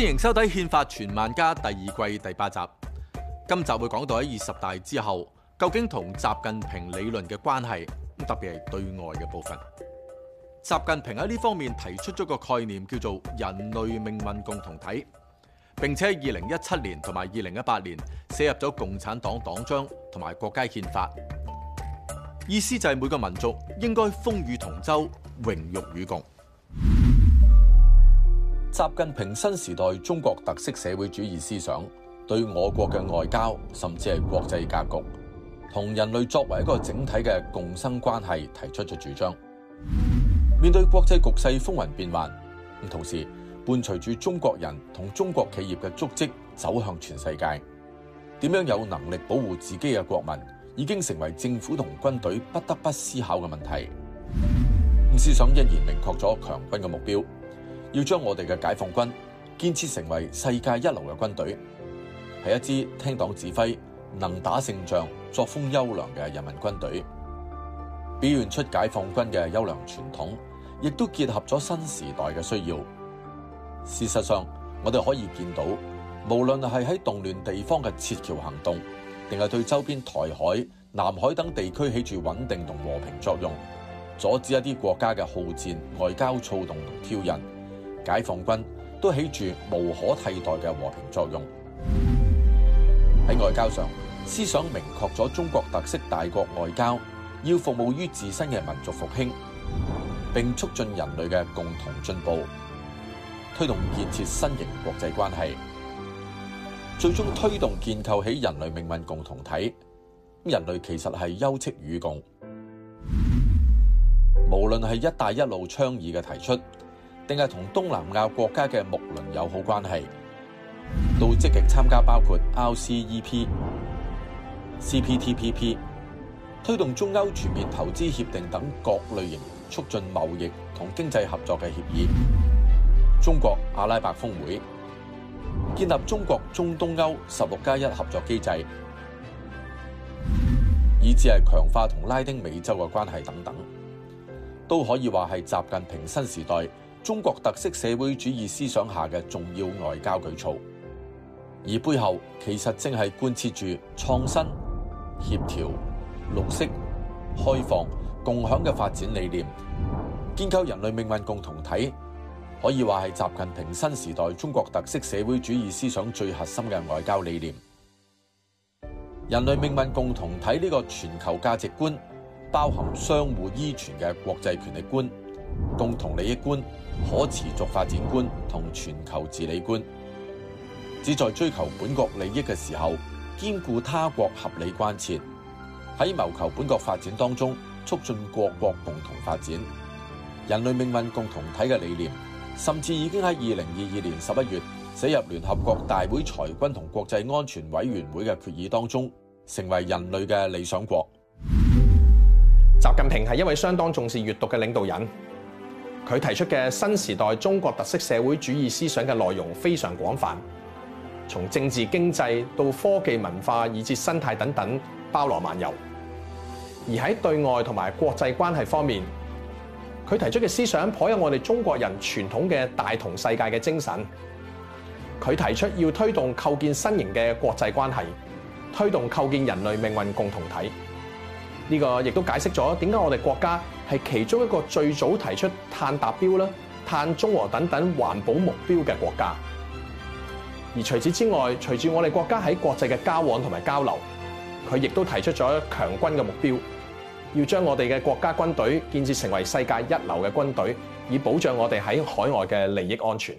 歡迎收睇《憲法傳萬家》第二季第八集。今集會講到喺二十大之後，究竟同習近平理論嘅關係，特別係對外嘅部分。習近平喺呢方面提出咗個概念，叫做人類命運共同體，並且喺二零一七年同埋二零一八年寫入咗共產黨黨章同埋國家憲法。意思就係每個民族應該風雨同舟，榮辱與共。習近平新時代中國特色社會主義思想對我國嘅外交，甚至係國際格局同人類作為一個整體嘅共生關係提出咗主張。面對國際局勢風雲變幻，同時伴隨住中國人同中國企業嘅足跡走向全世界，點樣有能力保護自己嘅國民，已經成為政府同軍隊不得不思考嘅問題。唔思想依然明確咗強軍嘅目標。要將我哋嘅解放軍建設成為世界一流嘅軍隊，係一支聽黨指揮、能打勝仗、作風優良嘅人民軍隊，表現出解放軍嘅優良傳統，亦都結合咗新時代嘅需要。事實上，我哋可以見到，無論係喺動亂地方嘅撤僑行動，定係對周邊台海、南海等地區起住穩定同和和平作用，阻止一啲國家嘅好戰、外交躁動同挑釁。解放軍都起住無可替代嘅和平作用。喺外交上，思想明確咗中國特色大國外交要服務於自身嘅民族復興，並促進人類嘅共同進步，推動建設新型國際關係，最終推動建構起人類命運共同體。人類其實係休戚與共。無論係一帶一路倡議嘅提出，定係同東南亞國家嘅睦鄰友好關係，到積極參加包括 r C E P、C P T P P，推動中歐全面投資協定等各類型促進貿易同經濟合作嘅協議。中國阿拉伯峰會，建立中國中東歐十六加一合作機制，以至係強化同拉丁美洲嘅關係等等，都可以話係習近平新時代中國特色社會主義思想下嘅重要外交舉措，而背後其實正係貫徹住創新、協調、綠色、開放、共享嘅發展理念，建構人類命運共同體，可以話係習近平新時代中國特色社會主義思想最核心嘅外交理念。人類命運共同體呢個全球價值觀，包含相互依存嘅國際權力觀。共同利益觀、可持續發展觀同全球治理觀，旨在追求本國利益嘅時候兼顧他國合理關切；喺謀求本國發展當中促進各國共同發展，人類命運共同體嘅理念，甚至已經喺二零二二年十一月寫入聯合國大會裁軍同國際安全委員會嘅決議當中，成為人類嘅理想國。習近平係一位相當重視閱讀嘅領導人。佢提出嘅新時代中國特色社會主義思想嘅內容非常廣泛，從政治經濟到科技文化以至生態等等，包羅萬有。而喺對外同埋國際關係方面，佢提出嘅思想頗有我哋中國人傳統嘅大同世界嘅精神。佢提出要推動構建新型嘅國際關係，推動構建人類命運共同體。呢個亦都解釋咗點解我哋國家係其中一個最早提出碳達標啦、碳中和等等環保目標嘅國家。而除此之外，隨住我哋國家喺國際嘅交往同埋交流，佢亦都提出咗強軍嘅目標，要將我哋嘅國家軍隊建設成為世界一流嘅軍隊，以保障我哋喺海外嘅利益安全。